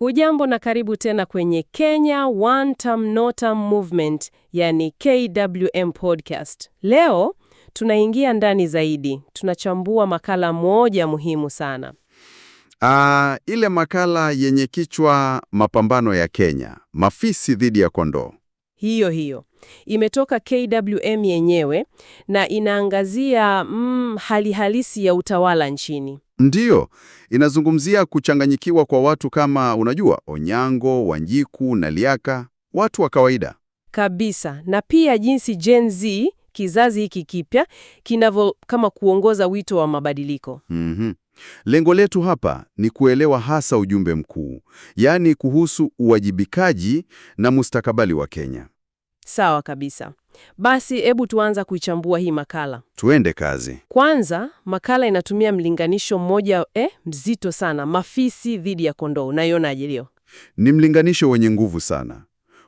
Hujambo na karibu tena kwenye Kenya One Term No Term Movement, yani KWM podcast. Leo tunaingia ndani zaidi, tunachambua makala moja muhimu sana. Aa, ah, ile makala yenye kichwa mapambano ya Kenya, mafisi dhidi ya kondoo. Hiyo hiyo imetoka KWM yenyewe na inaangazia mm, hali halisi ya utawala nchini. Ndiyo, inazungumzia kuchanganyikiwa kwa watu kama unajua Onyango, Wanjiku na Liaka, watu wa kawaida kabisa, na pia jinsi Gen Z, kizazi hiki kipya, kinavyo kama kuongoza wito wa mabadiliko. mm -hmm. Lengo letu hapa ni kuelewa hasa ujumbe mkuu, yaani kuhusu uwajibikaji na mustakabali wa Kenya. Sawa kabisa. Basi hebu tuanza kuichambua hii makala, tuende kazi. Kwanza, makala inatumia mlinganisho mmoja eh, mzito sana, mafisi dhidi ya kondoo. Unaionaje hiyo? Ni mlinganisho wenye nguvu sana.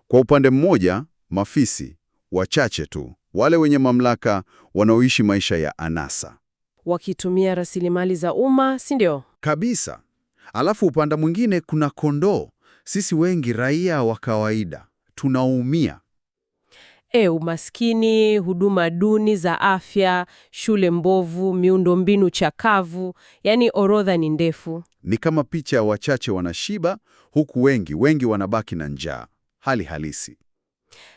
Kwa upande mmoja, mafisi wachache tu, wale wenye mamlaka, wanaoishi maisha ya anasa, wakitumia rasilimali za umma, si ndio? Kabisa. Alafu upande mwingine kuna kondoo. Sisi wengi raia wa kawaida tunaumia e, umaskini, huduma duni za afya, shule mbovu, miundombinu chakavu, yaani orodha ni ndefu. Ni kama picha ya wachache wanashiba huku wengi wengi wanabaki na njaa, hali halisi.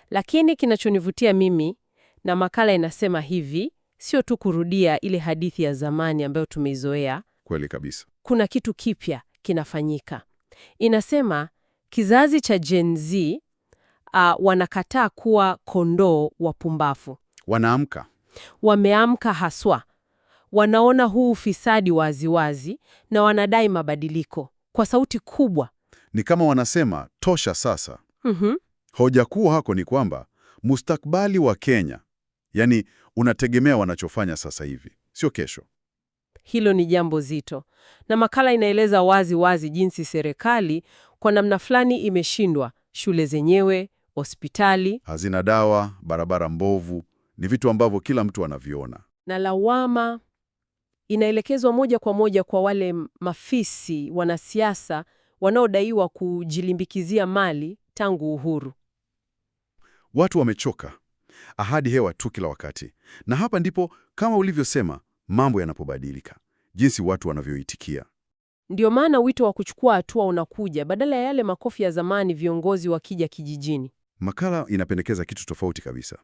Lakini kinachonivutia mimi na makala inasema hivi, sio tu kurudia ile hadithi ya zamani ambayo tumeizoea. Kweli kabisa, kuna kitu kipya kinafanyika. Inasema kizazi cha Gen Z uh, wanakataa kuwa kondoo wapumbafu Wanaamka, wameamka haswa, wanaona huu ufisadi waziwazi na wanadai mabadiliko kwa sauti kubwa. Ni kama wanasema tosha sasa. mm -hmm. Hoja kuu hako ni kwamba mustakbali wa Kenya yani unategemea wanachofanya sasa hivi, sio kesho. Hilo ni jambo zito, na makala inaeleza wazi wazi jinsi serikali kwa namna fulani imeshindwa, shule zenyewe, hospitali hazina dawa, barabara mbovu, ni vitu ambavyo kila mtu anaviona, na lawama inaelekezwa moja kwa moja kwa wale mafisi wanasiasa wanaodaiwa kujilimbikizia mali tangu uhuru. Watu wamechoka, ahadi hewa tu kila wakati, na hapa ndipo kama ulivyosema, mambo yanapobadilika, jinsi watu wanavyoitikia. Ndio maana wito wa kuchukua hatua unakuja, badala ya yale makofi ya zamani viongozi wakija kijijini. Makala inapendekeza kitu tofauti kabisa.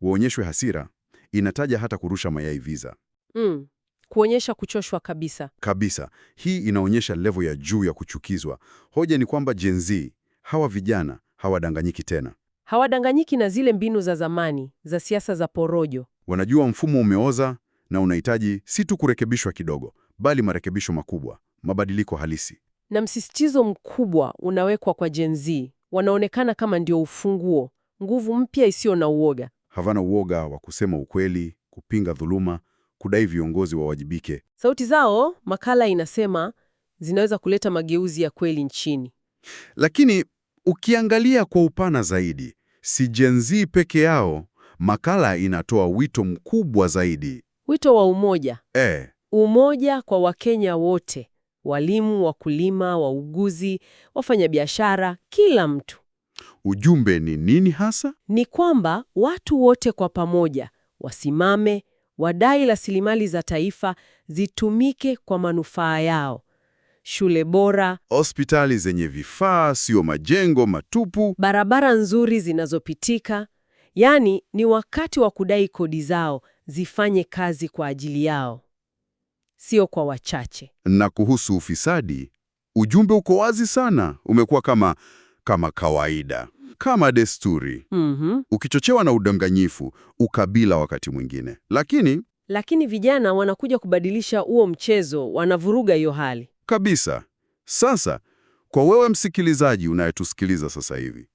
Waonyeshwe hasira inataja hata kurusha mayai visa. Mm, kuonyesha kuchoshwa kabisa kabisa. Hii inaonyesha levo ya juu ya kuchukizwa. Hoja ni kwamba Gen Z, hawa vijana hawadanganyiki tena, hawadanganyiki na zile mbinu za zamani za siasa za porojo. Wanajua mfumo umeoza na unahitaji si tu kurekebishwa kidogo, bali marekebisho makubwa, mabadiliko halisi. Na msisitizo mkubwa unawekwa kwa Gen Z wanaonekana kama ndio ufunguo, nguvu mpya isiyo na uoga. Havana uoga wa kusema ukweli, kupinga dhuluma, kudai viongozi wawajibike. Sauti zao, makala inasema, zinaweza kuleta mageuzi ya kweli nchini. Lakini ukiangalia kwa upana zaidi, si Gen Z peke yao. Makala inatoa wito mkubwa zaidi, wito wa umoja. E, umoja kwa Wakenya wote walimu, wakulima, wauguzi, wafanyabiashara, kila mtu. Ujumbe ni nini hasa? Ni kwamba watu wote kwa pamoja wasimame, wadai rasilimali za taifa zitumike kwa manufaa yao. Shule bora, hospitali zenye vifaa, sio majengo matupu, barabara nzuri zinazopitika. Yaani, ni wakati wa kudai kodi zao zifanye kazi kwa ajili yao sio kwa wachache. Na kuhusu ufisadi, ujumbe uko wazi sana, umekuwa kama kama kawaida, kama desturi mm -hmm. ukichochewa na udanganyifu, ukabila wakati mwingine, lakini lakini vijana wanakuja kubadilisha huo mchezo, wanavuruga hiyo hali kabisa. Sasa kwa wewe msikilizaji unayetusikiliza sasa hivi,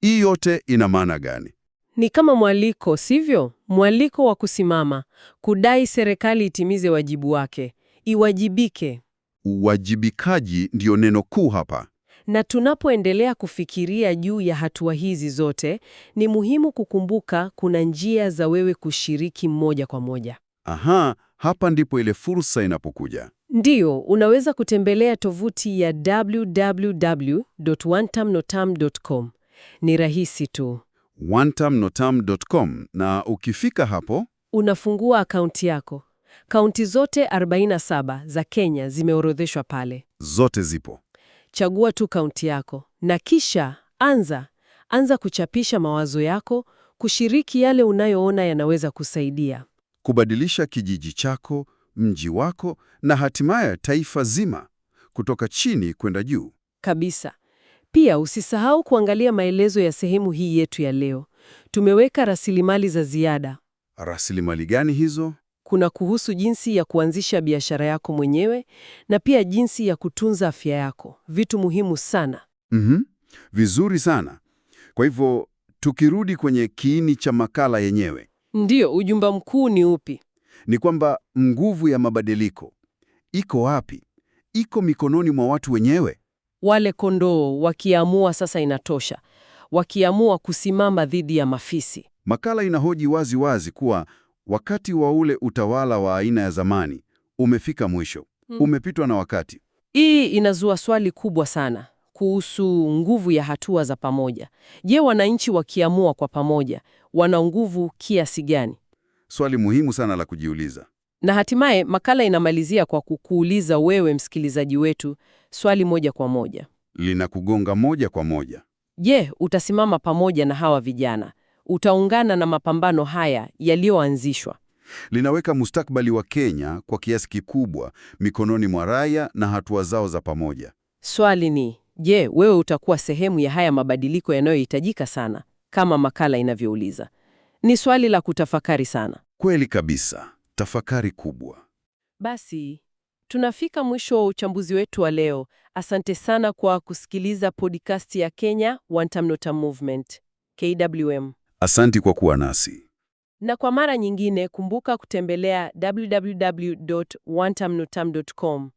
hii yote ina maana gani? Ni kama mwaliko, sivyo? Mwaliko wa kusimama, kudai serikali itimize wajibu wake, iwajibike. Uwajibikaji ndio neno kuu hapa. Na tunapoendelea kufikiria juu ya hatua hizi zote, ni muhimu kukumbuka kuna njia za wewe kushiriki moja kwa moja. Aha, hapa ndipo ile fursa inapokuja. Ndiyo, unaweza kutembelea tovuti ya www.wantamnotam.com. Ni rahisi tu onetermnoterm.com na ukifika hapo unafungua akaunti yako. Kaunti zote 47 za Kenya zimeorodheshwa pale, zote zipo. Chagua tu kaunti yako na kisha anza anza kuchapisha mawazo yako, kushiriki yale unayoona yanaweza kusaidia kubadilisha kijiji chako, mji wako na hatimaye taifa zima, kutoka chini kwenda juu kabisa. Pia usisahau kuangalia maelezo ya sehemu hii yetu ya leo. Tumeweka rasilimali za ziada. Rasilimali gani hizo? Kuna kuhusu jinsi ya kuanzisha biashara yako mwenyewe na pia jinsi ya kutunza afya yako, vitu muhimu sana. Mm -hmm. Vizuri sana. Kwa hivyo tukirudi kwenye kiini cha makala yenyewe, ndiyo ujumbe mkuu ni upi? Ni kwamba nguvu ya mabadiliko iko wapi? Iko mikononi mwa watu wenyewe wale kondoo wakiamua sasa inatosha, wakiamua kusimama dhidi ya mafisi. Makala inahoji wazi wazi kuwa wakati wa ule utawala wa aina ya zamani umefika mwisho, hmm, umepitwa na wakati. Hii inazua swali kubwa sana kuhusu nguvu ya hatua za pamoja. Je, wananchi wakiamua kwa pamoja wana nguvu kiasi gani? Swali muhimu sana la kujiuliza. Na hatimaye makala inamalizia kwa kukuuliza wewe msikilizaji wetu swali moja kwa moja, linakugonga moja kwa moja. Je, utasimama pamoja na hawa vijana? Utaungana na mapambano haya yaliyoanzishwa? Linaweka mustakbali wa Kenya kwa kiasi kikubwa mikononi mwa raia na hatua zao za pamoja. Swali ni je, wewe utakuwa sehemu ya haya mabadiliko yanayohitajika sana kama makala inavyouliza? Ni swali la kutafakari sana. Kweli kabisa tafakari kubwa. Basi tunafika mwisho wa uchambuzi wetu wa leo. Asante sana kwa kusikiliza podcast ya Kenya Nota Movement KWM. Asante kwa kuwa nasi, na kwa mara nyingine kumbuka kutembelea www.wantamnotam.com.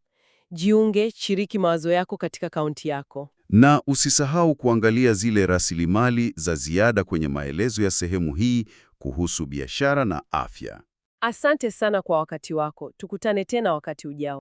Jiunge, shiriki mawazo yako katika kaunti yako, na usisahau kuangalia zile rasilimali za ziada kwenye maelezo ya sehemu hii kuhusu biashara na afya. Asante sana kwa wakati wako. Tukutane tena wakati ujao.